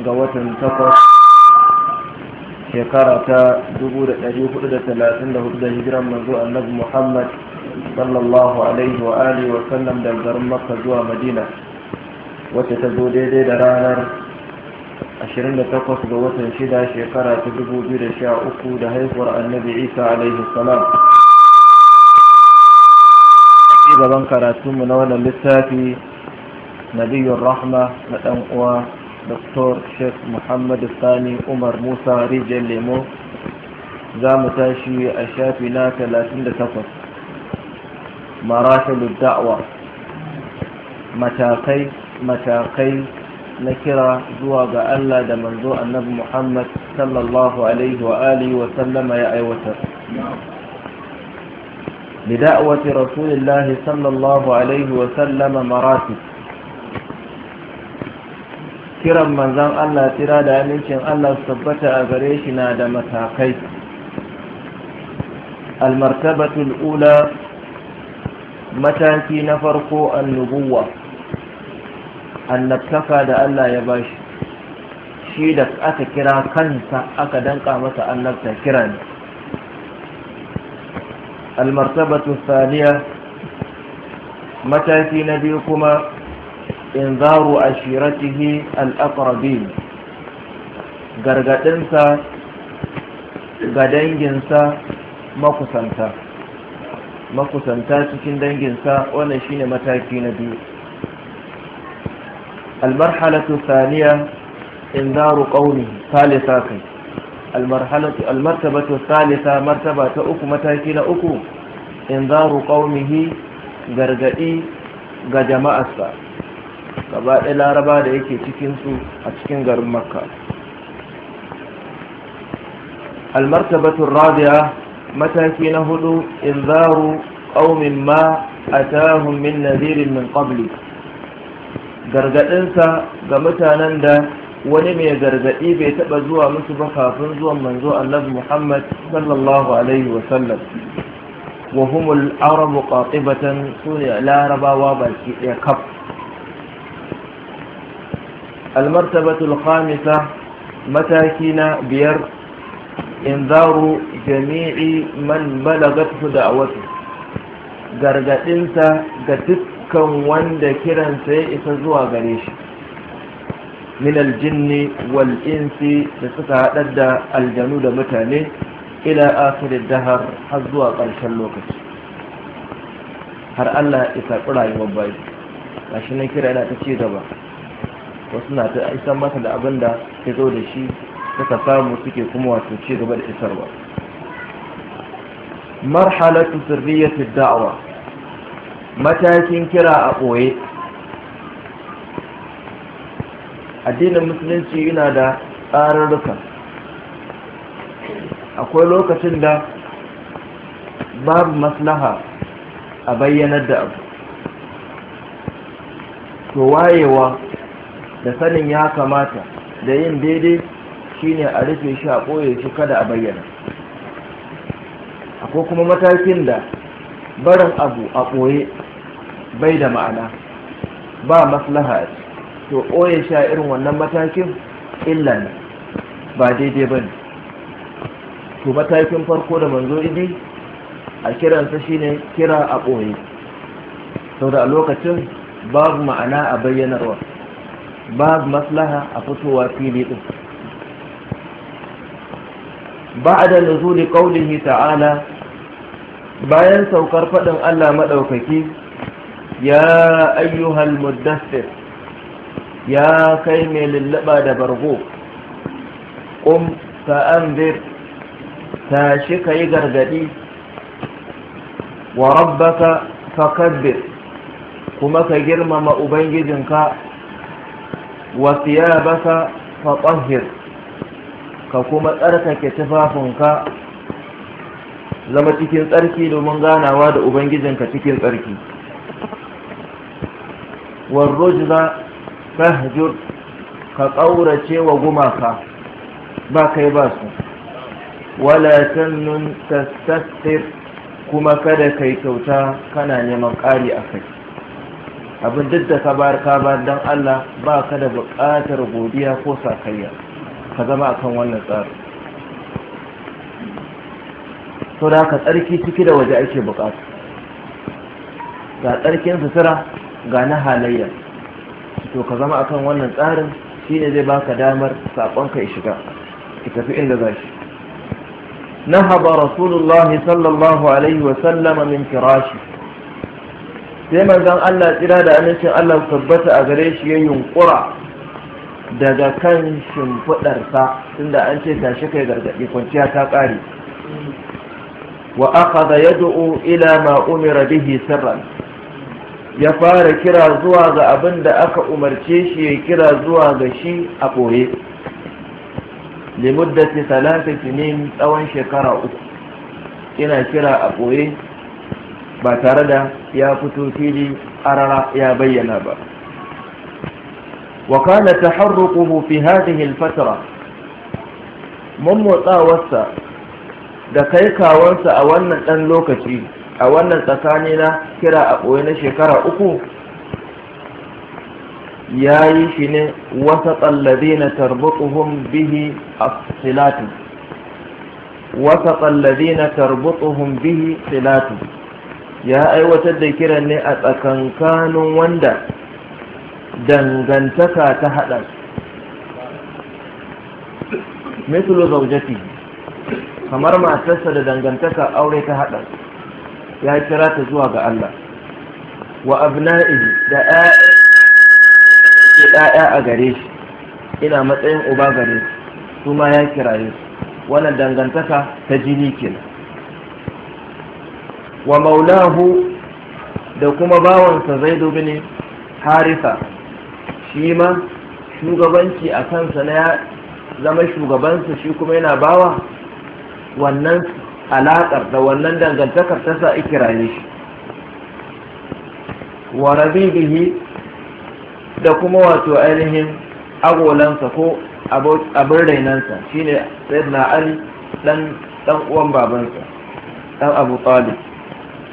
ga watan takwas shekara ta 1434 da hijiran manzo annabi muhammad sallallahu alaihi wa alihi wa sallam da garin makka zuwa madina wacce ta zo daidai da ranar 28 ga watan shida shekara ta 2013 da haihuwar annabi isa alaihi salam gaban karatunmu na wannan littafi nabiyun rahma na ɗan uwa Dr. Sheikh Muhammad Sani Umar Musa Rijiyar Lemo za mu tashi a shafi na 38 maratalu da'wa matakai matakai na kira zuwa ga Allah da manzo annabi Muhammad sallallahu alaihi wa alihi wa sallama ya aiwatar بدعوة رسول الله صلى الله عليه وسلم مراتب kiran manzan Allah tira da amincin Allah su tabbata a gare shi na da matakai almartabatul ula mataki na farko annubuwa annabtaka da Allah ya bashi shi da aka kira kansa aka danka masa annabta kiran almartabatul Saniya, mataki na biyu kuma inzaru ashiratihi al-aqrabin gargadinsa ga danginsa makusanta cikin danginsa wannan shine mataki na biyu almarhalatu thaniya inzaru qawli thalitha kai almarhalatu almartabatu thalitha martaba ta uku mataki na uku inzaru qawmihi gargadi ga jama'arsa gaba ɗaya laraba da yake cikinsu a cikin garin makka almartabatun radiya mataki na hudu inzaru ƙaumin ma a tahun min nazirin min qabli gargaɗinsa ga mutanen da wani mai gargaɗi bai taɓa zuwa musu ba kafin zuwan manzo annabi muhammad sallallahu alaihi wasallam wa humul arabu su ne larabawa baki ɗaya kaf almartabatul khamisa mataki na biyar inzaru jami'i man balagatu da'awatu gargadinsa ga dukkan wanda kiransa ya isa zuwa gare shi min aljinni wal insi da suka haɗar da aljanu da mutane ila asirin dahar har zuwa ƙarshen lokaci har Allah isa karɓi rayuwar bai Na nan kira yana ta ci gaba wasu na ta isa mata da abin da ta zo da shi suka samu suke kuma wato ci gaba da isarwa marhalatu sirriyatu da'wa matakin kira a ɓoye addinin musulunci yana da tsararruka akwai lokacin da babu maslaha a bayyanar da abu to wayewa da sanin ya kamata da yin daidai shine a rufe shi a ɓoye shi kada a bayyana akwai kuma matakin da barin abu a ɓoye bai da ma'ana ba maslaha to ɓoye shi a irin wannan matakin illan ba daidai ba ne to matakin farko da manzo idi a kiransa shine kira a ɓoye sau da a lokacin babu ma'ana a bayyanarwa babu maslaha a fitowa fili din ba'da nuzuli qawlihi ta'ala bayan saukar fadin Allah madaukaki ya ayyuhal muddathir ya kai mai lullaba da bargo ƙum fa'anzir tashi ka yi gargaɗi wa rabbaka fakabbir kuma ka girmama ubangijinka wa fa fatahhir ka kuma tsarkake tufafinka zama cikin tsarki domin ganawa da ubangijinka cikin tsarki warrujza fahjur ka ƙaurace wa gumaka ba kai ba su wala tannun tastastir kuma kada kai kyauta kana neman ƙari a kai abin duk da ka bayar ka bayar don Allah ba ka da buƙatar godiya ko sakayya ka zama a kan wannan tsari to da ka tsarki ciki da waje ake buƙata ga tsarkin sutura ga na halayya to ka zama a kan wannan tsarin shi ne zai baka damar saƙonka ya shiga ki tafi inda za shi نهض رسول الله صلى الله عليه وسلم من فراشه sai manzan Allah tsira da amincin Allah tabbata a gare shi ya yunkura daga kan shimfiɗarsa tunda an ce tashi kai gargaɗi kwanciya ta ƙare wa aka ya yad'u ila ma umira bihi sirran ya fara kira zuwa ga abin da aka umarce shi ya kira zuwa ga shi a ɓoye limuddati talata tsawon shekara uku ina kira a ɓoye ba tare da ya fito fili arara ya bayyana ba وقال تحرقه في hilfatra. الفترة motsawarsa da kai a wannan ɗan lokaci a wannan tsakani na kira a ɓoye na shekara uku ya yi shi ne wasa tsallabe na bihi a silatu wasa tsallabe na tarbutuhun bihi silatu ya aiwatar da kiran ne a tsakankanin wanda dangantaka ta haɗa su mislu zaujati kamar matarsa da dangantaka aure ta haɗa ya kira ta zuwa ga Allah wa abna'i da ya'ya a gare shi ina matsayin uba gare su kuma ya kiraye su wannan dangantaka ta jini kenan wa maulahu da kuma bawansa zaidu bin harisa shi ma shugabanci a kansa na ya zama shugabansa shi kuma yana bawa wannan alaƙar da wannan dangantakar ta sa ikiraye shi wa rabibihi da kuma wato ainihin agolansa ko abin rainansa shine na ali dan dan uwan babansa dan abu talib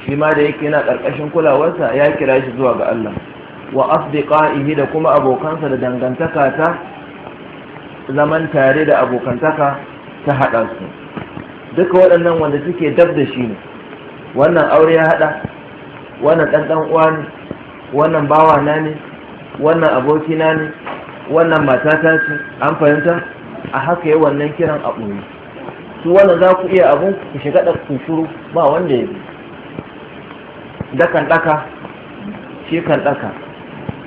shi ma da yake yana ƙarƙashin kulawarsa ya kira shi zuwa ga Allah wa asdiqaihi da kuma abokansa da dangantaka ta zaman tare da abokantaka ta haɗa su duka waɗannan wanda suke dab da shi ne wannan aure ya haɗa wannan ɗanɗan uwa ne wannan bawa na ne wannan aboki na ne wannan matata ce an fahimta a haka yi wannan kiran a ɓoye su wannan za ku iya abun ku shiga da ku ba wanda ya bi Da kan daka shi kan daka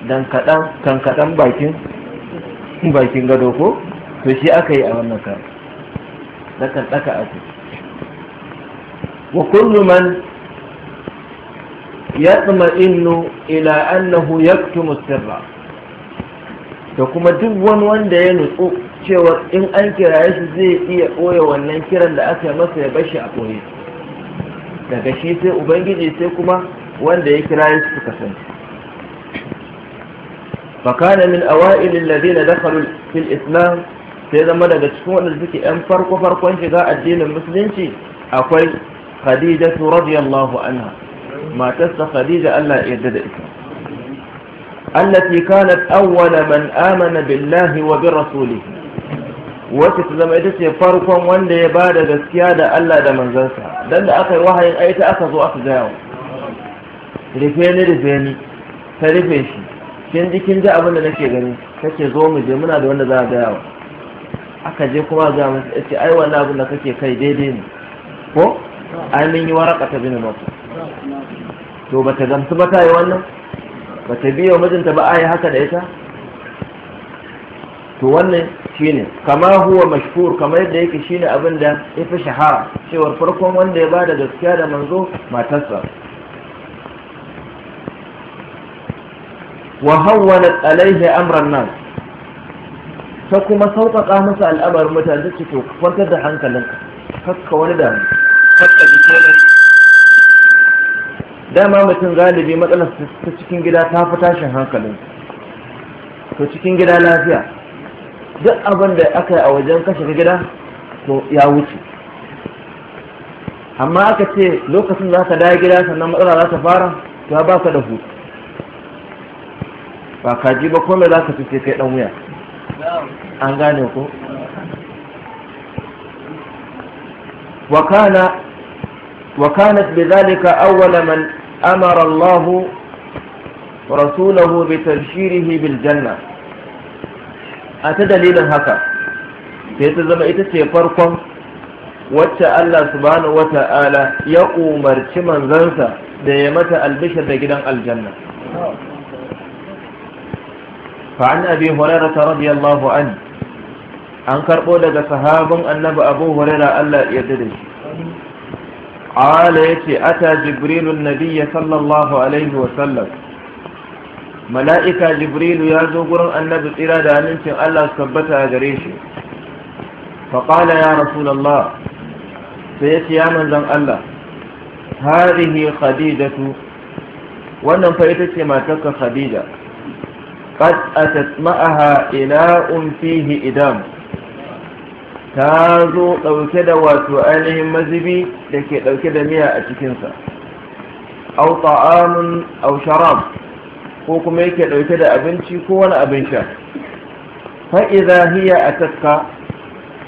dan kadan kan kadan bakin bakin gado ko to shi aka yi a wannan kan kan daka aka wa kullu man yatma'innu ila annahu yaktumu sirra da kuma duk wani wanda ya nutsu cewa in an kiraye shi zai iya ɓoye wannan kiran da aka masa ya bashi a ɓoye daga shi sai ubangiji sai kuma wanda ya kira su suka sani fakana min awail alladhina dakhalu fil islam sai zama daga cikin wanda suke yan farko farkon shiga addinin musulunci akwai khadija radhiyallahu anha matar sa khadija Allah ya yarda da ita allati kanat awwala man amana billahi wa bi rasulihi wacce ta zama ita ce farkon wanda ya ba da gaskiya da Allah da manzansa don da aka yi wahayin aita aka zo aka gaya rufe ni rufe ni ta rufe shi kin ji kin ji abin da nake gani kake zo mu je muna da wanda za a gaya wa aka je kuma ga masa yace ai wannan abin da kake kai daidai ne ko ai min yi waraka ta bini mafi to ba ta gamsu ba ta yi wannan Ba ta biyo mijinta ba a yi haka da ita to wannan shine kama huwa mashhur kama yadda yake shine abin da ya fi shahara cewar farkon wanda ya ba da gaskiya da manzo matarsa wa hawwalat alaihi amran nan ta kuma sauƙaƙa masa al'amarin mutane da ciki kwantar da hankalin kakka wani damu kakka ji ne dama mutum galibi matsalar ta cikin gida ta fi tashin hankalin to cikin gida lafiya duk abin da aka yi a wajen kashe gida to ya wuce amma aka ce lokacin za ka dawo gida sannan matsala za ta fara to ya baka da hutu ba ji ba kome za ka fice kai dan wuya an gane ko وكان وكانت بذلك أول من أمر الله ورسوله بتبشيره بالجنة a ta dalilin haka sai ta zama ita ce farkon wacce Allah subhanahu wata'ala ya umarci manzansa da ya mata albishir da gidan aljanna fa'an abi hurairah radiyallahu anhu an karbo daga sahabin annabi abu hurairah Allah ya da shi qala yace ata jibrilun nabiyya sallallahu alaihi wa sallam mala'ika jibrilu ya zo gurin annabi tsira da halincin allah su tabbata a gare shi faƙala ya rasulallah sai ya ce ya manzan allah harihi khadijatu wannan fa ita ce matarka khadija qad atat ma'aha ila'un fihi idam ta zo ɗauke da wato ainihin mazibi da ke ɗauke da miya a cikinsa au ta'amun au sharab ko kuma yake ɗauke da abinci ko wani abin sha fa'iza hiya a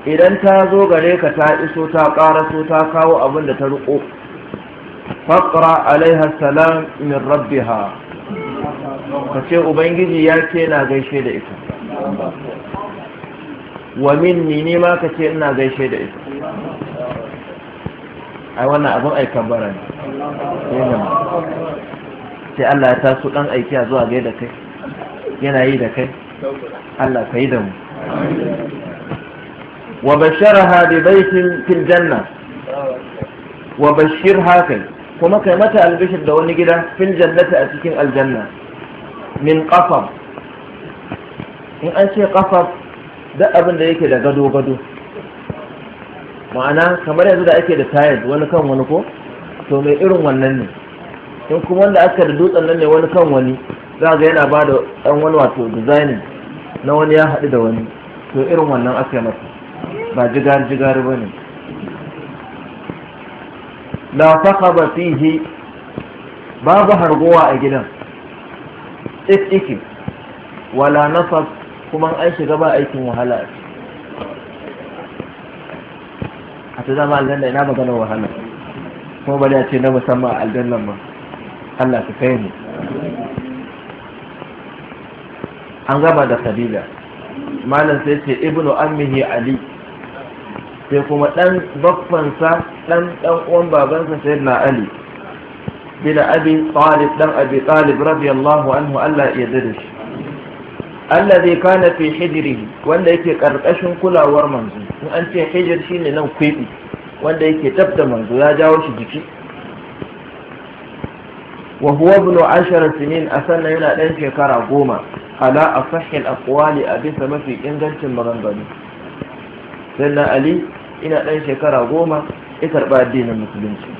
idan ta zo gare ka ta iso ta ƙaraso ta kawo abin da ta riƙo faqra alaiha salam min rabbiha ka ce ubangiji ya ce na gaishe da ita wa minni ni ma ka ce ina gaishe da ita ai wannan abin aikabara ne sai Allah ya taso dan aiki a zuwa gaida kai yana yi da kai Allah ka yi da mu wa basharaha bi baitin fil janna wa bashir haka kuma kai mata albishir da wani gida fil jannati a cikin aljanna min qafar in an ce qafar da abin da yake da gado gado ma'ana kamar yanzu da ake da tayar wani kan wani ko to mai irin wannan ne in kuma wanda aka da dutsen nan ne wani kan wani za ga yana ba da ɗan wani wato designing na wani ya haɗu da wani to irin wannan aka yi masa ba jigar jigar ba ne la ba fihi babu hargowa a gidan ik iki wala nafas kuma an shiga ba aikin wahala a ta zama aljanna ina maganar wahala kuma ba da ce na musamman aljannan ba Allah ka kai mu an gama da kabila malam sai ce ibnu ammihi ali sai kuma dan baffansa dan dan uwan babansa sayyidina ali bila abi talib dan abi talib radiyallahu anhu Allah ya yarda shi Allah kana fi hijiri wanda yake karkashin kulawar manzo in an ce hijir shine nan kwibi wanda yake tabda manzo ya jawo shi jiki wa huwa ibn ashara sinin a sannan yana ɗan shekara goma ala a sahil a bisa mafi ingancin maganganu sannan ali ina dan shekara goma ya karba addinin musulunci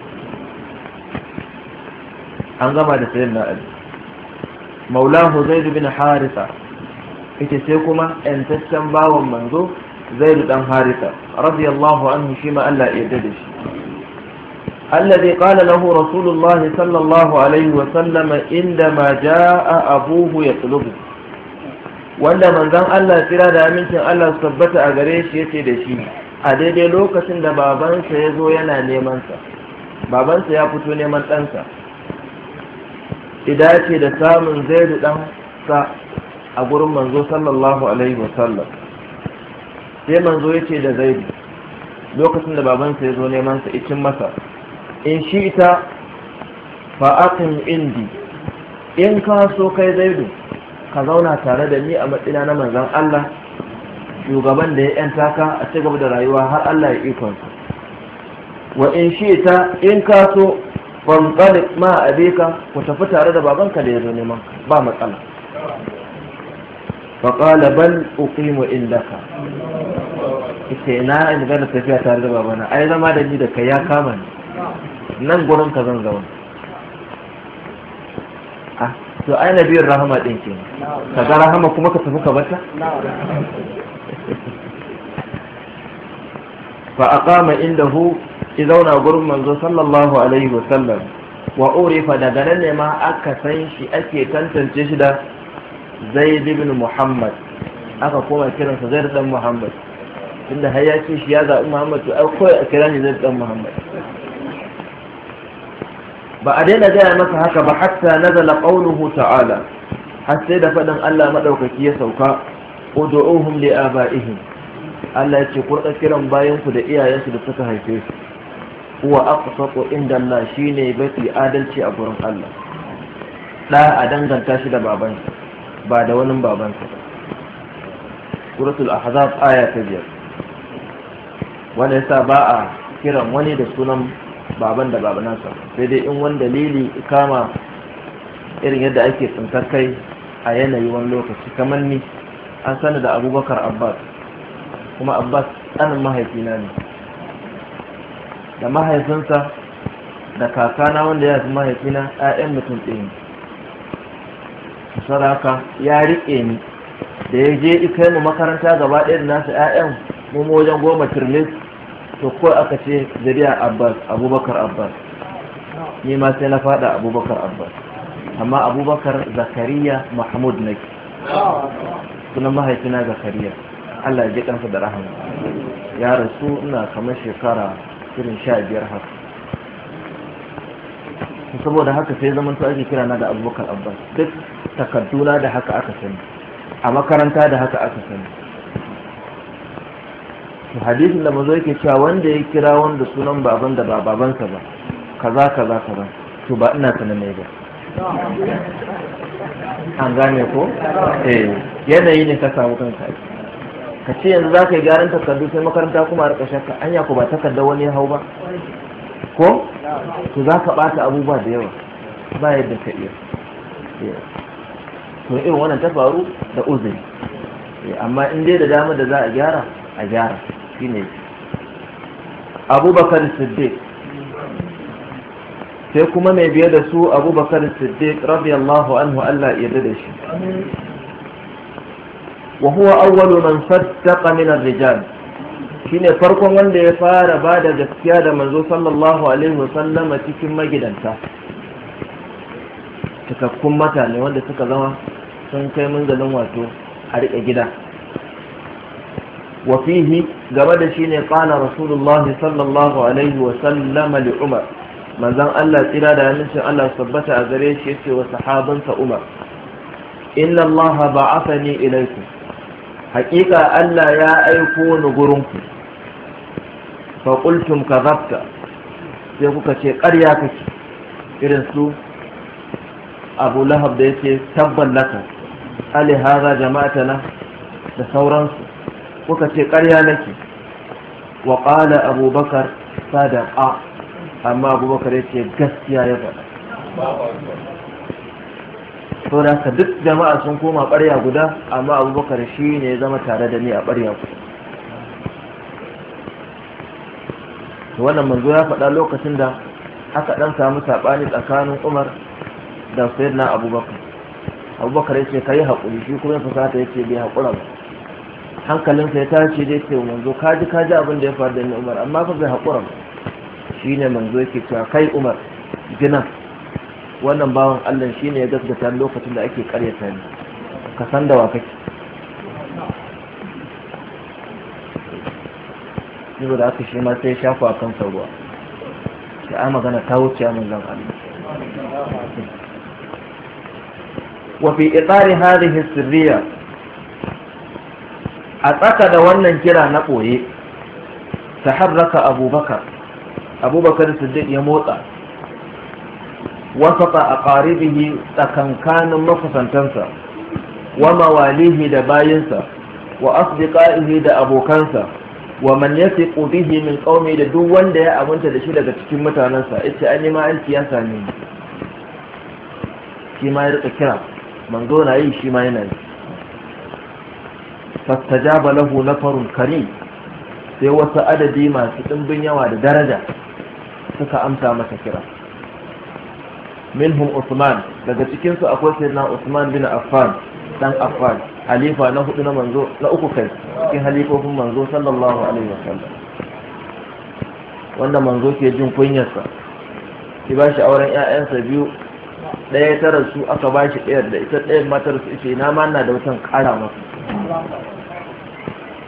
an gama da sayyidina ali maulahu zaid bin harisa ita sai kuma yantaccen bawan manzo zaid dan harisa radiyallahu anhu shi ma Allah ya yarda da shi الذي قال له رسول الله صلى الله عليه وسلم عندما جاء أبوه يطلبه wanda manzon Allah kira da amincin Allah su tabbata a gare shi yace da shi a daidai lokacin da babansa ya zo yana neman sa babansa ya fito neman ɗansa idace da samun zaidu ɗansa a gurin manzo sallallahu alaihi wasallam sai manzo yace da zai lokacin da babansa ya zo neman sa ikin masa in shi ita fa'aƙin indi in ka so kai zaidu ka zauna tare da ni a matsina na manzan Allah shugaban da ya ‘yanta ka a ci gaba da rayuwa har Allah ya ikonsa wa in shi ita in ka so banbalik ma abika ku tafi tare da babanka da ya zo neman ba matsala faƙala bal uqimu indaka ita ina in ga tafiya tare da babana ai zama da ni da kai ya kama ni nan gurin ka zan zauna a ah, to ai na biyar rahama ɗin ke ka ga rahama kuma ka tafi ka bata fa aqama indahu ya zauna gurin manzo sallallahu alaihi wa sallam wa urifa daga nan ne ma aka san shi ake tantance shi da zaid ibn muhammad aka koma kiransa zaid ibn muhammad inda har ya ce shi ya zaɓi muhammad to ai kawai a kira shi zaid ibn muhammad ba a daina gaya masa haka ba hatta nazala qawluhu ta'ala har sai da faɗin Allah maɗaukaki ya sauka ud'uuhum li aba'ihim Allah ya ce ku kiran bayan ku da iyayensu da suka haife su huwa aqsatu inda Allah shine mafi adalci a gurin Allah da a danganta shi da babansa ba da wani babansa ba suratul ahzab aya ta biyar wanda yasa ba a kiran wani da sunan baban da babanansa sai dai in wani dalili kama irin yadda ake tsintar kai a yanayi wani lokaci kamar ni an sani da abubakar abbas kuma abbas tsanin mahaifina ne da mahaifinsa da kakana wanda ya fi mahaifina 'ya'yan mutum ɗaya saraka ya riƙe ni da ya je kai mu makaranta gaba ɗaya da nasa 'ya'yan mu wajen goma turmis to ko aka ce zariya abbas abubakar abbas ni ma sai na fada abubakar abbas amma abubakar zakariya mahmud nake sunan mahaifina zakariya allah ya kansa da rahama ya rasu ina kamar shekara irin sha biyar haka saboda haka sai zaman to ake kira na da abubakar abbas duk takarduna da haka aka sani a makaranta da haka aka sani hadisin da mazo yake cewa wanda ya kira wanda sunan baban da ba babansa ba kaza kaza kaza to ba ina sanin mai ba an gane ko eh yanayi ne ka samu kanka ka ce yanzu za ka yi gyaran takardu sai makaranta kuma a shakka anya ko ba takardar wani hau ba ko to za ka ɓata abubuwa da yawa ba yadda ka iya eh. to irin wannan ta faru da uzuri eh, amma in dai da dama da za a gyara a gyara ne abubakar siddiq sai kuma mai biye da su abubakar siddiq radiyallahu anhu Allah ya da shi wa huwa awwalu man saddaqa min ar-rijal shine farkon wanda ya fara bada gaskiya da manzo sallallahu alaihi cikin magidanta cikakkun mutane wanda suka zama sun kai munzalin wato a rike gida وفيه جمد شيني قال رسول الله صلى الله عليه وسلم لعمر من ذن الله تلا دا نسي الله صبت أغريش يسي وصحابا فأمر إن الله بعثني إليكم حقيقة ألا يا أيكون غرمكم فقلتم كذبت سيقول كشي قريا كشي إرنسو أبو لهب ديسي تبا لك ألي هذا جماعتنا da sauransu kuka ce ƙarya nake wa ƙala abubakar a amma abubakar ya ce gaskiya ya faɗa to da ka duk jama'a sun koma ɓarya guda amma abubakar shi ne ya zama tare da ni a ɓarya guda wannan manzo ya faɗa lokacin da aka ɗan samu saɓani tsakanin umar da sayyidina abubakar abubakar ya ce ka yi haƙuri shi kuma ya fasata ya ce bai haƙura ba hankalinsa ya tashi dai ce manzo ka kaji abin da ya faru da ni umar amma fa bai haƙura ba shine manzo yake cewa kai umar gina wannan bawan allah shine ya gaskata lokacin da ake karyata ni ka san da wa kake yanzu da aka shi ma sai shafa a kansa ruwa sai a magana ta wuce a zan allah wafi itsari هذه sirriya a tsaka da wannan kira na ɓoye ta harraka abubakar abubakar siddiq ya motsa wasata a ƙaribihi tsakankanin makusantansa wa mawalihi da bayinsa wa asbiqaihi da abokansa wa man yasiqu bihi min qaumi da duk wanda ya aminta da shi daga cikin mutanansa yace an yi ma an siyasa ne shi ma ya rika kira manzo na yi shi ma yana yi fastajaba lahu nafarun karim sai wasu adadi masu ɗimbin yawa da daraja suka amsa masa kira minhum Usman daga cikinsu su akwai sayyidina Usman bin Affan dan Affan halifa na hudu na manzo na uku kai cikin halifofin manzo sallallahu alaihi wasallam wanda manzo ke jin kunyarsa ki ba shi auren ƴaƴansa biyu ɗaya ta rasu aka ba shi ɗayar da ita ɗayar matar su ce na ma na da wutan ƙara masa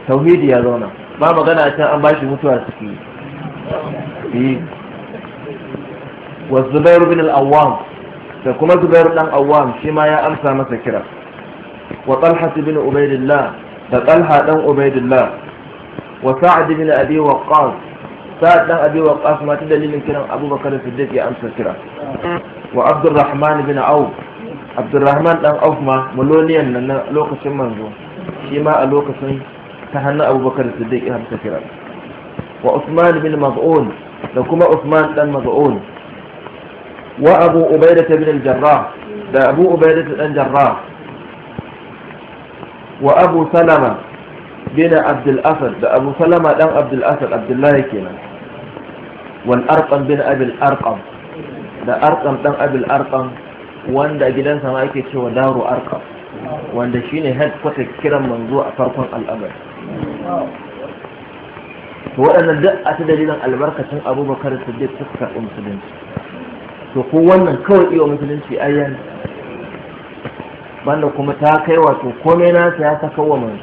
tauhidi ya zauna ba magana a can an bashi mutuwa suke yi eh. wa zubair bin al-awwam da kuma zubair dan awwam shi ma ya amsa masa kira wa talha bin ubaidillah da talha dan ubaidillah wa sa'd bin abi waqqas sa'd dan abi waqqas ma ta dalilin kiran abubakar siddiq ya amsa kira wa abdurrahman bin auf abdurrahman dan auf ma maloniyan nan lokacin manzo shi ma a lokacin ta hannun abubakar siddiq har ta wa usman bin maz'un da kuma usman dan maz'un wa abu ubaidah bin al-jarrah da abu ubaidah dan jarrah wa abu salama bin abdul asad da abu salama dan abdul asad abdullahi kenan wal arqam bin abil arqam da arqam dan abil arqam wanda gidansa ma yake cewa daru arqam wanda shi shine headquarter kiran manzo a farkon al'amari to waɗannan duk a ta dalilin albarkacin abubakar siddiq suka karɓi musulunci to ko wannan kawai iya musulunci ayyan banda kuma ta kai wato komai nasa ya saka wa mai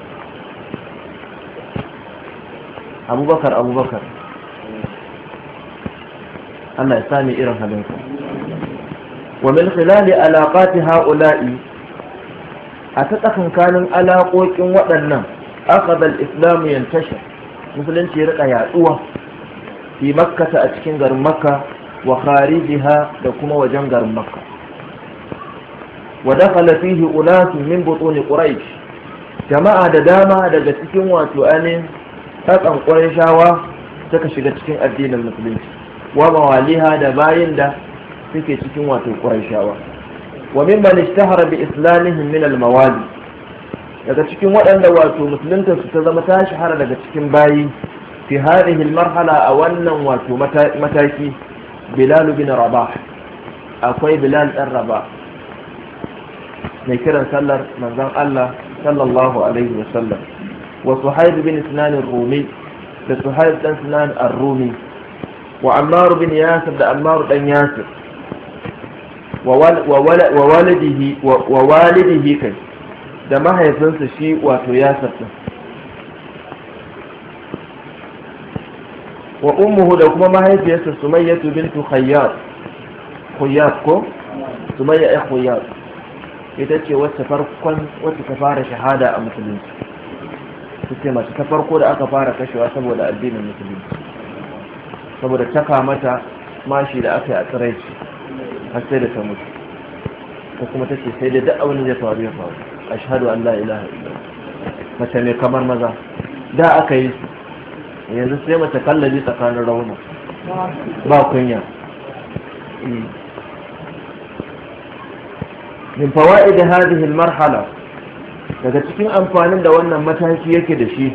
abubakar abubakar Allah ya sami irin halin wa خلال علاقات هؤلاء a ta tsakankanin alaƙoƙin waɗannan akadal islamu yantashar musulunci ya riƙa yaɗuwa fi makkata a cikin garin makka wa kharijiha da kuma wajen garin makka wa dakhala fihi unasu min butuni quraish jama'a da dama daga cikin wato anin tsakan qurayshawa suka shiga cikin addinin musulunci wa mawaliha da bayin da suke cikin wato qurayshawa wa mimman ishtahara bi islamihim min al-mawali daga cikin waɗanda wato musulunta su ta zama ta shahara daga cikin bayi fi hadhihi marhala a wannan wato mataki bilal bin rabah akwai bilal dan rabah mai kiran sallar manzon Allah sallallahu alaihi wa sallam wa suhaib bin sinan ar-rumi da suhaib dan sinan ar-rumi wa ammar bin yasir da ammar dan yasir wa walidihi kai da mahaifinsa shi wato ya sarta wa ummuhu da kuma mahaifiyarsa sumayyatu bintu khayyar khayyar ko sumayya ya khayyar ita ce wacce farkon wacce ta fara shahada a musulunci su ce mace ta farko da aka fara kashewa saboda addinin musulunci saboda taka mata mashi da aka yi a tsiraici har sai da ta mutu ta kuma ta ce sai da duk abin da ya faru ya faru A ashhadu an la ilaha illallah mace mai kamar maza da aka yi su yanzu sai mace kallabi tsakanin rauna ba kunya mm. min da hadhihi almarhala daga cikin amfanin da wannan mataki yake da shi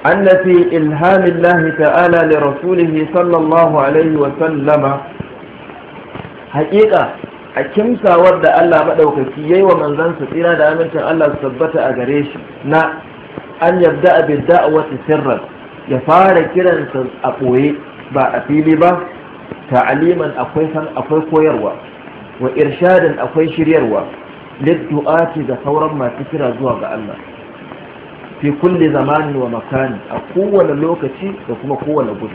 أن في إلهام الله تعالى لرسوله صلى الله عليه وسلم haƙiƙa a kimsawar da Allah maɗaukaci ya yi wa manzansa tsira da amincin Allah su tabbata a gare shi na an yadda a bidda a wata sirrar ya fara kiransa a ɓoye ba a fili ba ta'aliman akwai san akwai koyarwa wa irshadin akwai shiryarwa liddu'ati da sauran masu kira zuwa ga Allah fi kulli zamani wa makani a kowane lokaci da kuma kowane gudu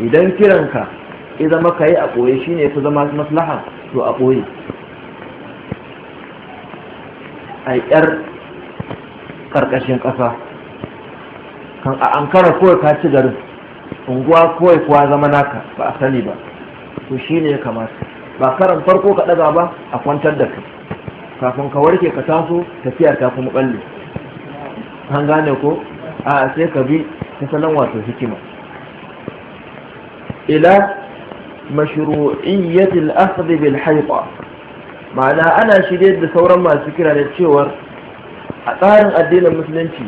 idan kiranka Idan maka yi a ɓoye shi ne fi zama maslaha to a ɓoye a yar ƙarƙashin ƙasa kan a ankara kawai ka ci garin unguwa kawai kuwa zama naka ba a sani ba to shi ne ya kamata ba karan farko ka ɗaga ba a kwantar da kai kafin ka warke ka taso tafiya ta kuma ɓalle an gane ko a sai ka bi ta salon wato hikima ila mashru'iyyatil akhdh bil hayta ma'ana ana shirye da sauran masu kira da cewar a tsarin addinin musulunci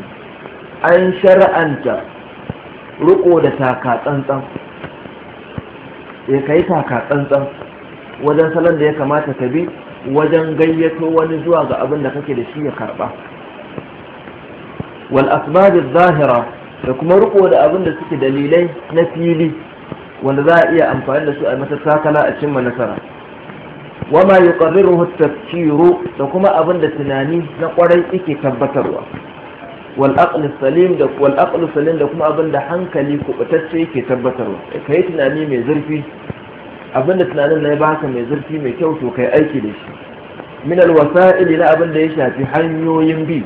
an shar'anta riko da taka tsantsan ya kai taka tsantsan wajen salon da ya kamata ka bi wajen gayyato wani zuwa ga abin da kake da shi ya karba wal asbabiz zahira da kuma riko da abin da suke dalilai na fili wanda za a iya amfani da su a masa sakala a cimma nasara wama yuqarriruhu tafkiru da kuma abin da tunani na kwarai yake tabbatarwa wal aql salim da wal aql salim da kuma abin da hankali kubatacce yake tabbatarwa kai tunani mai zurfi abin da tunanin na baka mai zurfi mai kyau to kai aiki da shi min al wasa'il na abin da ya shafi hanyoyin bi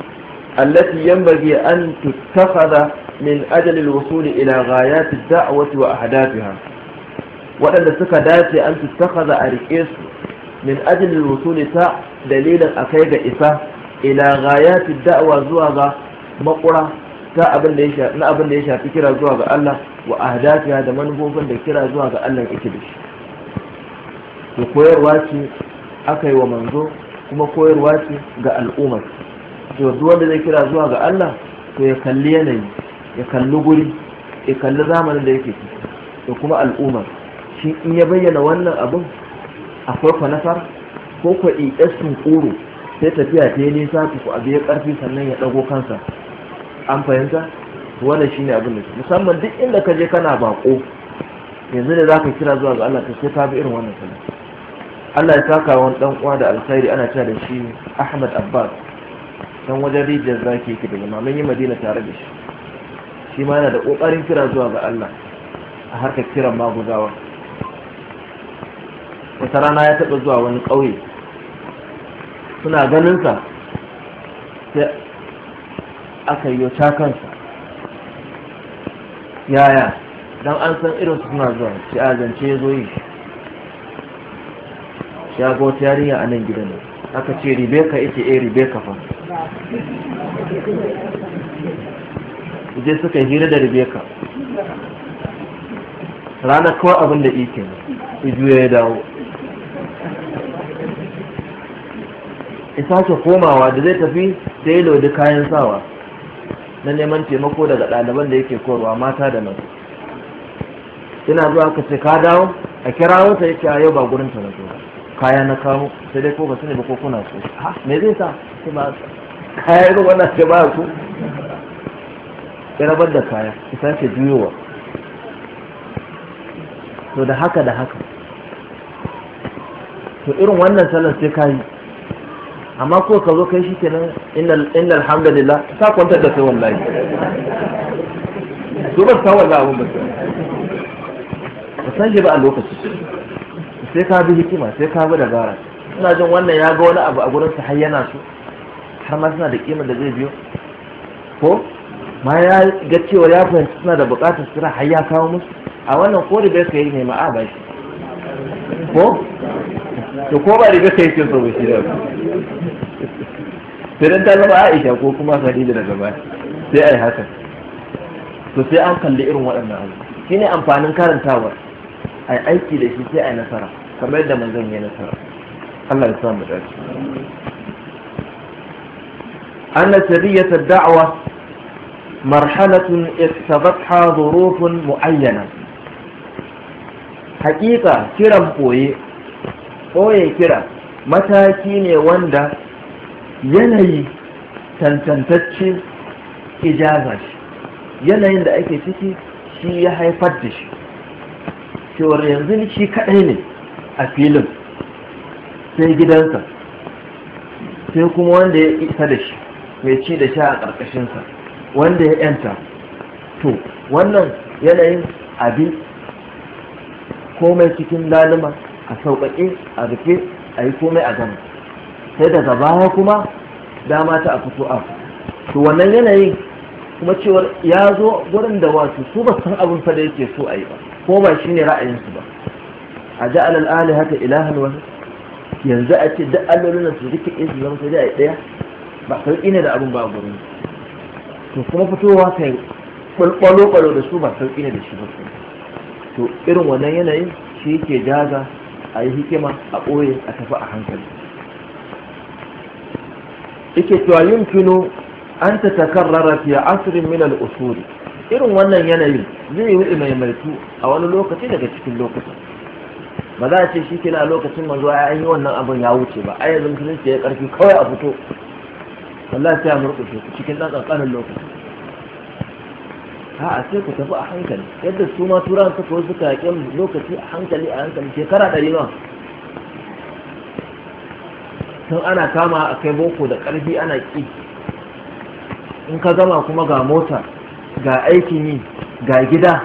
التي ينبغي أن تتخذ من أجل الوصول إلى غايات الدعوة وأهدافها وأن تكدات أن تتخذ أركيس من أجل الوصول تا دليلا أكيد إسا إلى غايات الدعوة زواغا مقرى ta abin da ya na abin da ya shafi kira zuwa ga Allah wa da manufofin da kira zuwa ga Allah yake da shi to wa manzo kuma koyarwa ce ga al'ummar to duk wanda zai kira zuwa ga Allah to ya kalli yanayi ya kalli guri ya kalli zamanin da yake ciki da kuma al'umma shi in ya bayyana wannan abin akwai nasar ko kwa sun ƙoro sai tafiya ta yi nisa ku abu ya ƙarfi sannan ya ɗago kansa an fahimta wannan shi ne abin da shi. musamman duk inda ka je kana baƙo yanzu ne za ka kira zuwa ga Allah ta sai ka bi irin wannan sallah Allah ya saka wani ɗan uwa da alkhairi ana cewa da shi Ahmad Abbas can wajen rijiyar zaki yake da limamin yi madina tare da shi shi ma yana da ƙoƙarin kira zuwa ga Allah a harkar kiran maguzawa wata rana ya taɓa zuwa wani ƙauye suna ganinsa sai aka yi kansa yaya don an san irin suna zuwa shi a zance ya zo shi ga wata yarinya a nan gidan aka ce ribeka ita ya eh, ribeka fa je suka yi hira da ribeka ranar kawai abin da ike ne ya dawo isa ke komawa da zai tafi da ya lodi kayan sawa na neman taimako daga ɗaliban da yake korwa mata da nan. ina zuwa ka ce ka dawo a kira wata yake a yau ba gurin ta na zo kaya na kawo sai dai ko ba su ne ba ko kuna so me zai sa ba kaya irin wannan ba su ya rabar da kaya ya sake juyowa to da haka da haka to irin wannan sallar sai kayi amma ko ka zo kai shi kenan inna alhamdulillah ta kwantar da sai wallahi su ba san wallahi abin ba ba san shi ba a lokaci sai ka bi hikima sai ka bi dabara ina jin wannan ya ga wani abu a gurin sa har yana so har ma suna da kimar da zai biyo ko ma ya ga cewa ya fahimci suna da bukatar sira har ya kawo musu a wannan ko ribe ka yi ne ma'a a ba shi ko to ko ba ribe ka yi ke so ba shi da sai dan ta zama Aisha ko kuma Khadija daga baya sai ai haka to sai an kalli irin waɗannan abu shine amfanin karantawa ai aiki da shi sai ai nasara kamar yadda manzon ya nasara Allah ya sa mu dace أن سرية الدعوة مرحلة اقتضتها ظروف معينة حقيقة كرم قوي قوي كرم متاكين واندا ينهي تنتنتتش إجازة yanayin da ake ciki shi ya haifar da shi cewar yanzu shi kaɗai ne a filin sai gidansa sai kuma wanda ya isa da shi mai ci da sha a ƙarƙashinsa wanda ya yanta to wannan yanayin abin komai cikin laluma a sauƙaƙe a rufe a yi komai a gama sai daga baya kuma dama ta a fito a to wannan yanayin kuma cewar ya zo gurin da wasu su ba san abin fa da yake so a yi ba ko ba shine ra'ayinsu ba a ja alal haka ilahan wani yanzu a ce duk allolin su duka iya su zama sai dai a yi ɗaya ba sauƙi ina da abin ba gurin to kuma fitowa ka kwalkwalo kwalo da su ba sauƙi ina da shi ba to irin wannan yanayin shi ke jaza a yi hikima a ɓoye a tafi a hankali yake cewa fino an ta takarrara a asirin min Usuri, irin wannan yanayin zai yi mai martu a wani lokaci daga cikin lokacin. ba za a ce shi ke na lokacin manzo ai yi wannan abin ya wuce ba a yanzu musulunci ya karfi kawai a fito wallahi sai ya murƙushe ku cikin ɗan ƙanƙanin lokaci a'a sai ku tafi a hankali yadda su ma tura su wasu suka yaƙi lokaci a hankali a hankali shekara ɗari ma tun ana kama a kai boko da ƙarfi ana ƙi in ka gama kuma ga mota ga aikin yi ga gida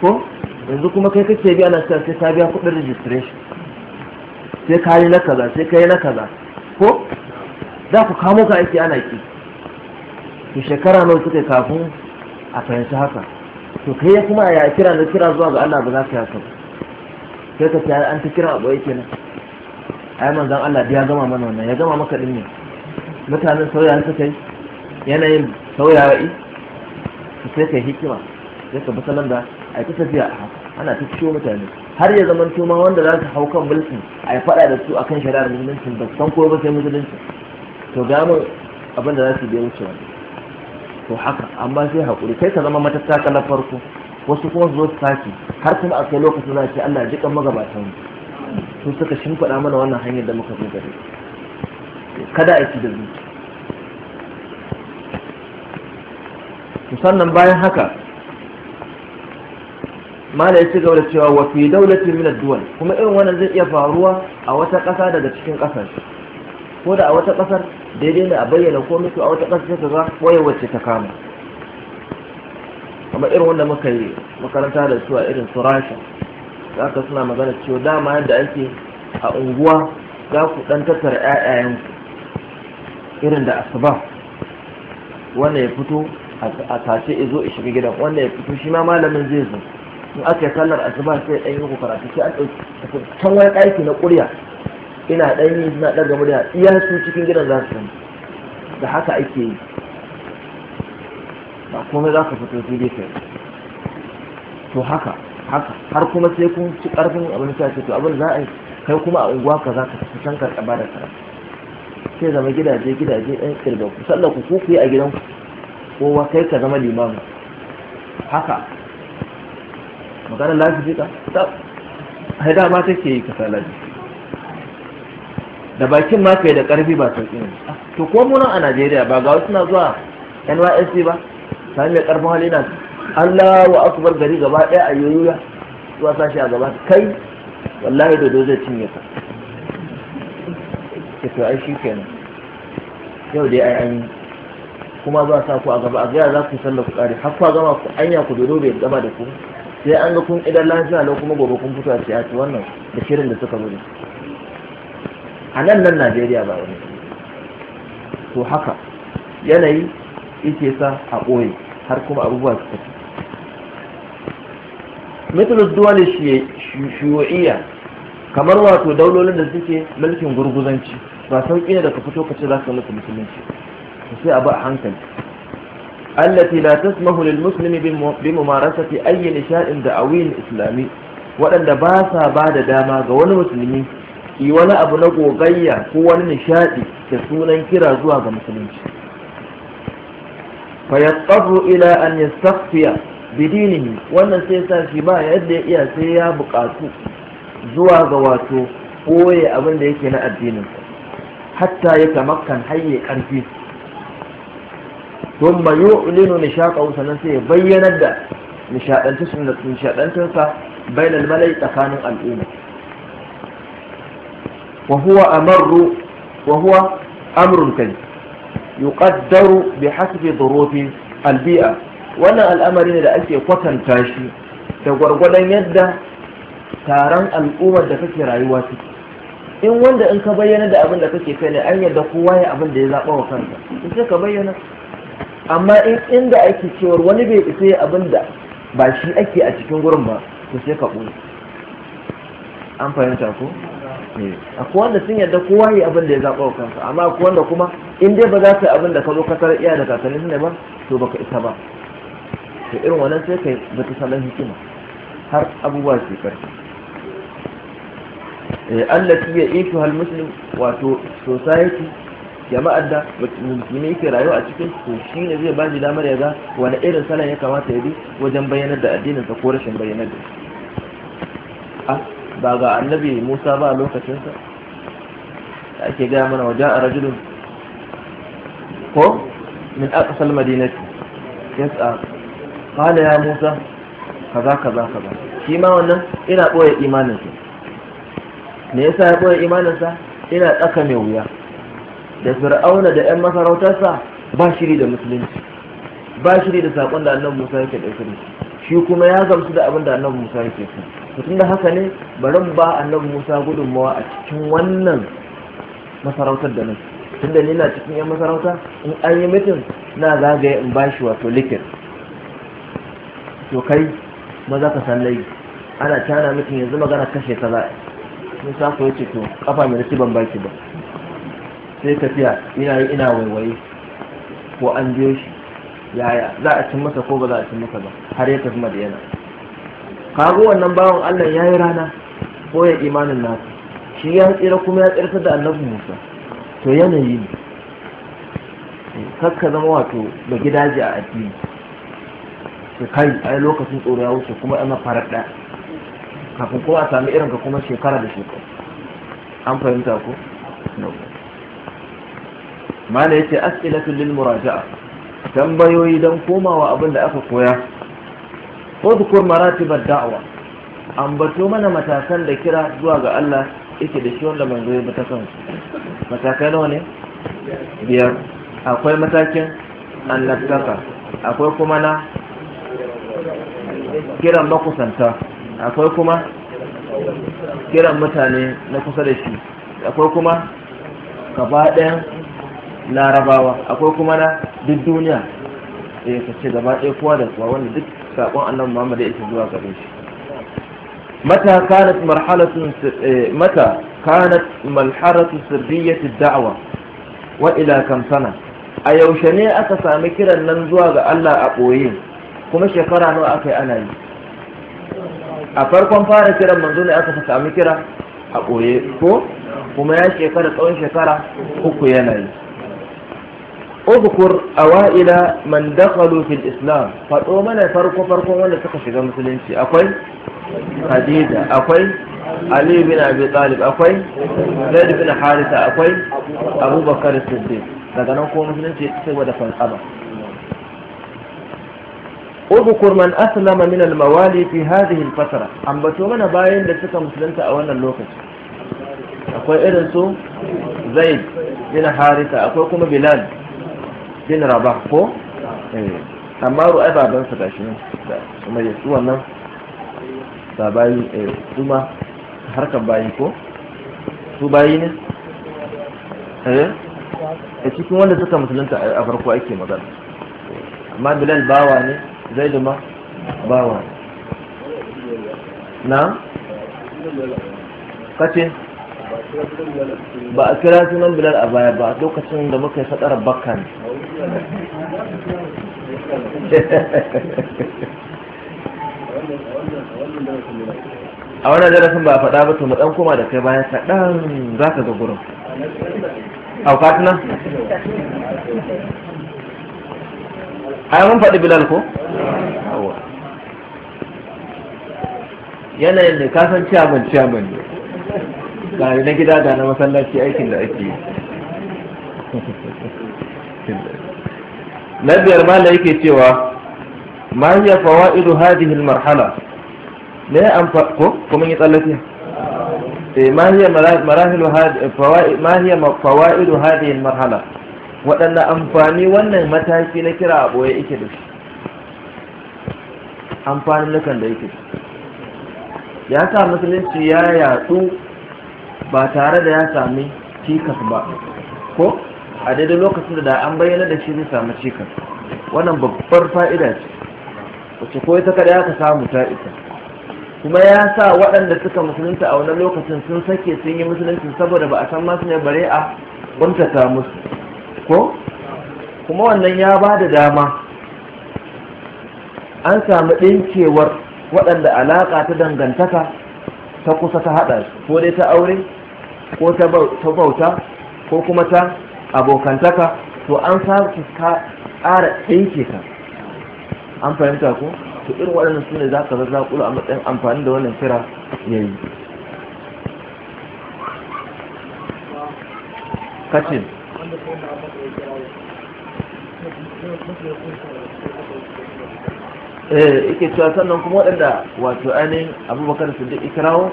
ko yanzu kuma kai kake biya na sai ka biya kuɗin registration sai ka yi na kaza sai ka yi na kaza ko za ku kamo ka aiki ana ki to shekara nawa suka kafin a fahimci haka to kai kuma ya kira da kira zuwa ga Allah ba za ka yaka sai ka tsaya an ta kira a boye kenan. ai manzon Allah ya gama mana wannan ya gama maka din ne mutanen sauya suka kai yanayin sauyawa yi sai kai hikima sai ka bi salon da a ta tafiya a haka ana ta ciwo mutane har ya zama tuma wanda za su hau kan mulkin a yi faɗa da su akan shari'ar musulunci ba san ko ba sai musulunci to gamun abin da za su biya wuce to haka amma sai haƙuri kai ka zama matattaka na farko wasu kuma su zo su sake har kuma a kai lokacin za ce Allah ji kan magabatan su suka shimfiɗa mana wannan hanyar da muka zo gare kada a ci da zuci to sannan bayan haka mala ya ci gaba da cewa wa fi daulati min ad-duwal kuma irin wannan zai iya faruwa a wata ƙasa daga cikin ƙasar ko da a wata ƙasar daidai da a bayyana ko mutu a wata ƙasa ta ga waye wacce ta kama kamar irin wanda muka yi makaranta da su a irin su rasha za ka suna magana cewa dama yadda ake a unguwa za ku ɗan tattara 'ya'yayanku irin da asuba wanda ya fito a tace izo ya shiga gidan wanda ya fito shi ma malamin zai zo in aka yi sallar asuba sai ɗan yi ku karatu sai an ɗauki can wani ɗaki na ƙurya ina ɗanyi suna game da iya su cikin gidan za su da haka ake yi ba komai za ka fito fili kai to haka haka har kuma sai kun ci ƙarfin abin sa ce to abin za a yi kai kuma a unguwa ka za ka fi can karɓa da karɓa sai zama gidaje gidaje ɗan ƙirga ku sallar ku ku yi a gidan ku kowa kai ka zama limamu haka maganar lafi jika ta haida ma take yi ka sa lafi da bakin ma kai da karfi ba sauki ne ah, to ko mu a Najeriya ba ga wasu na zuwa NYSC ba sai mai karfin hali na Allahu akbar gari gaba daya a yoyoya zuwa sashi a gaba kai wallahi da zai cinye ka ke to ai shi kenan yau dai ai an kuma ba sa ku a gaba a gaya za ku sallar ku kare har ku gama ku anya ku dodo bai gaba da ku sai an ga kun idan lafiya lau kuma gobe kun fito a ce wannan da shirin da suka zo da a nan nan najeriya ba wani to haka yanayi yake sa a ɓoye har kuma abubuwa su tafi Mitulus duwani shiyu'iyya kamar wato daulolin da suke mulkin gurguzanci ba sauƙi ne da ka fito ka ce za ka mutu musulunci sai a ba a hankali allati la tasmahu lil muslimi bi mumarasati ayyi nisha'in awin islami wadanda ba sa ba da dama ga wani musulmi yi wani abu na gogayya ko wani nishadi da sunan kira zuwa ga musulunci fayattaru ila an yastaghfiya bidinihi wannan sai sa shi ba yadda ya iya sai ya buƙatu zuwa ga wato koye abin da yake na addinin hatta ya tamakkan hayye karfi don ba ulinu nishaqa sannan sai ya bayyanar da nishaɗantarsa bainal malai tsakanin al'umma وهو أمر amarru أمر huwa يقدر بحسب ظروف البيئة hasbi الأمر albi'a wannan al'amari ne da ake kwatanta shi da gwargwadon yadda taron al'ummar da kake rayuwa in wanda in ka bayyana da abin da kake kai ne an yadda kowa ya abin da ya zaɓa wa kanta in ce ka bayyana amma in inda ake cewar wani bai isa abin da ba shi ake a cikin gurin ba ce ka ɓoye an fahimta ko Eh, akwai wanda sun yarda kowa yi abin da ya zaɓa wa kansa amma akwai wanda kuma in dai ba za su yi abin da ka zo kasar iya da kakanni ne ba to baka isa ba to irin wannan sai kai ba ta salon hikima har abubuwa su karfi eh, allati ya iku hal muslim wato society jama'ar da musulmi yake rayuwa a cikin to shi ne zai ba shi damar ya ga wani irin salon ya kamata ya bi wajen bayyanar da addininsa ko rashin bayyanar da shi ba ga annabi musa ba a lokacinsa da ake gaya mana wajen a rajulun ko min aqsal madinati yas'a qala ya musa kaza kaza kaza shi ma wannan ina boye imaninsa me yasa ya boye imaninsa ina tsaka mai wuya da fir'auna da 'yan masarautarsa ba shiri da musulunci ba shi da sakon da annabi Musa yake ɗauke da shi kuma ya gamsu da abin da annabi Musa yake so tun da haka ne bari mu ba annabi Musa gudunmawa a cikin wannan masarautar da nake tunda ni na cikin yan masarauta in an yi mutum na zagaye in ba shi wato likit to kai maza ka san lai ana cana mutum yanzu magana kashe kaza musa ko yace to kafa mai nake ban baki ba sai tafiya ina yi ina waiwaye ko an biyo shi yaya za a cin masa ko ba za a cin masa ba har ya tafi madiyana kago wannan bawan allah ya yi rana ko ya imanin nasu shi ya tsira kuma ya tsirta da annabi musa to yanayi ne kakka zama wato da gidaje a addini sai kai ai lokacin tsoro ya wuce kuma ana farar ɗaya kafin kuma a sami irin ka kuma shekara da shekara an fahimta ko? no. mana yace as'ilatul lil muraja'a tambayoyi don komawa abin da aka koya wadkur maratibar da'awa ambato mana matakan da kira zuwa ga Allah yake da shi wanda manzo ya ta kansu matakai nawa ne biyar akwai matakin annabtaka akwai kuma na kiran makusanta akwai kuma kiran mutane na kusa da shi akwai kuma gaba ɗayan larabawa akwai kuma na duk duniya eh ka ce gaba ɗaya kowa da kowa wanda duk sakon annan muhammad ya isa zuwa gare shi mata kanat marhalatu eh, mata kanat malharatu sirriyati da'wa wa ila kamsana sana ayaushe ne aka sami kiran nan zuwa ga Allah a ɓoye kuma shekara nawa aka yi ana yi a farkon fara kiran manzo ne aka sami kira a ɓoye ko kuma ya shekara tsawon shekara uku yana yi اذكر اوائل من دخلوا في Islam. فدو mana farko farkon wanda suka shiga musulunci akwai Khadija akwai Ali bin Abi Talib akwai Zaid bin Haritha akwai Abubakar Bakar Siddiq daga nan ko musulunci ya wada da fansaba اذكر من اسلم من الموالي في هذه الفتره ambato mana bayan da suka musulunta a wannan lokaci akwai irin su Zaid bin Haritha akwai kuma Bilal bin rabah ko eh, amma ru'ai babansa ga shi da kuma ya su wannan ba bayi eh, su ma harkar bayi ko su bayi ne eh? a cikin wanda suka musulunta a farko ake magana amma bilal bawa ne zai ma bawa na kace ba a kira sunan bilal a baya ba lokacin da muka yi fadar bakan a wannan darasin ba a faɗa ba to mu ɗan koma da kai bayan kaɗan za ka ga gurin au katina ai mun faɗi bilal ko yanayin da kasan ciyaman ciyaman ne ga na gida da na masallaci aikin da ake yi na biyar ma yake cewa ma hiya fawaidu hadhihi almarhala ne an ko kuma yi tsallaci? eh ma hiya marahilu fawaid ma hiya fawaidu hadhihi almarhala amfani wannan mataki na kira a boye yake da shi amfanin lukan da yake ya sa musulunci ya yatsu ba tare da ya sami cikas ba ko a daidai lokacin da an bayyana da shi zai samu cikas wannan babbar fa'ida ce wacce ko ita kada aka samu ta ita kuma ya sa waɗanda suka musulunta a wani lokacin sun sake sun yi musulunci saboda ba a san masu ne bare a kuntata musu ko kuma wannan ya ba da dama an samu ɗinkewar waɗanda alaƙa ta dangantaka ta kusa ta haɗa ko dai ta aure ko ta bauta ko kuma ta abokantaka to an samu ka ƙara ɗinke ka an fahimta ko to irin waɗannan su ne za ka zazza kula a matsayin amfani da wannan kira ya yi Eh, yake cewa sannan kuma waɗanda wato ainihin abubakar su da ikirawo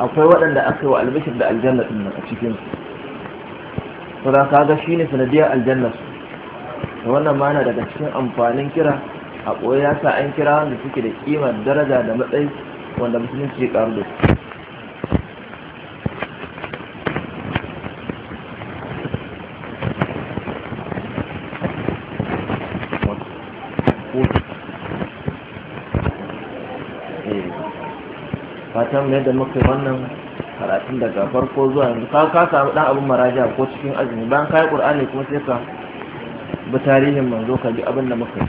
akwai waɗanda aka yi wa albishir da aljanna ɗin a cikin su saboda kaga shi ne sanadiyar aljanna su da wannan mana daga cikin amfanin kira a ya sa an kira wanda suke da kimar daraja da matsayi wanda musulunci ya karu da su mai da muka wannan karatun daga farko zuwa yanzu ka ka samu dan abin maraja ko cikin azumi bayan kai qur'ani kuma sai ka bi tarihin manzo ka bi abin da muka